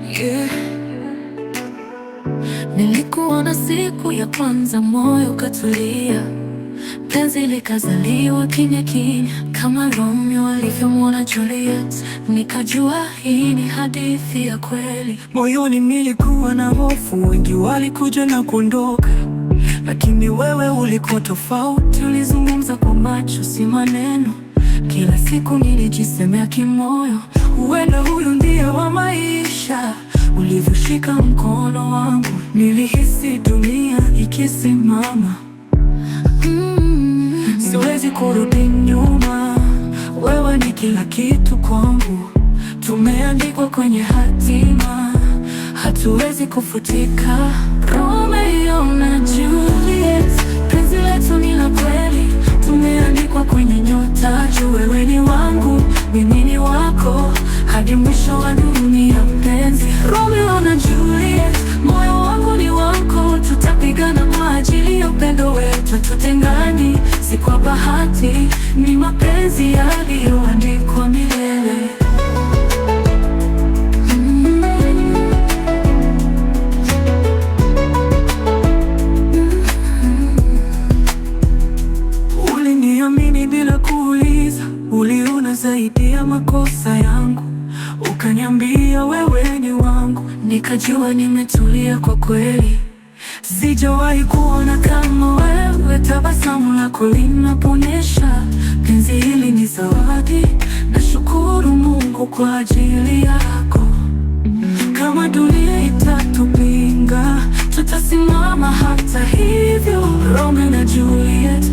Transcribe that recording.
nilikuwa Nilikuona siku ya kwanza, moyo katulia, penzi likazaliwa kimya kimya, kama Romeo alivyomwona Juliet. Nikajua hii ni hadithi ya kweli. Moyoni nilikuwa na hofu, wengi walikuja na kuondoka, lakini wewe ulikuwa tofauti. Ulizungumza kwa macho, si maneno. Kila siku nilijisemea kimoyo Ulishika mkono wangu, nilihisi dunia ikisimama. Mm, siwezi kurudi nyuma, wewe ni kila kitu kwangu, tumeandikwa kwenye hatima, hatuwezi kufutika. Romeo na Juliet, penzi letu ni la kweli, tumeandikwa kwenye nyota juu. Wewe ni wangu, mimi ni wako, hadi mwisho wa tutengani, si kwa bahati, ni mapenzi yaliyoandikwa milele. Mm-hmm. Mm-hmm. Uliniamini bila kuuliza, uliona zaidi ya makosa yangu, ukaniambia wewe ni wangu, nikajua nimetulia kwa kweli, sijawahi kuona tamu lako linaponyesha. Penzi hili ni zawadi, nashukuru Mungu kwa ajili yako. Kama dunia itatupinga, tutasimama hata hivyo. Romeo na Juliet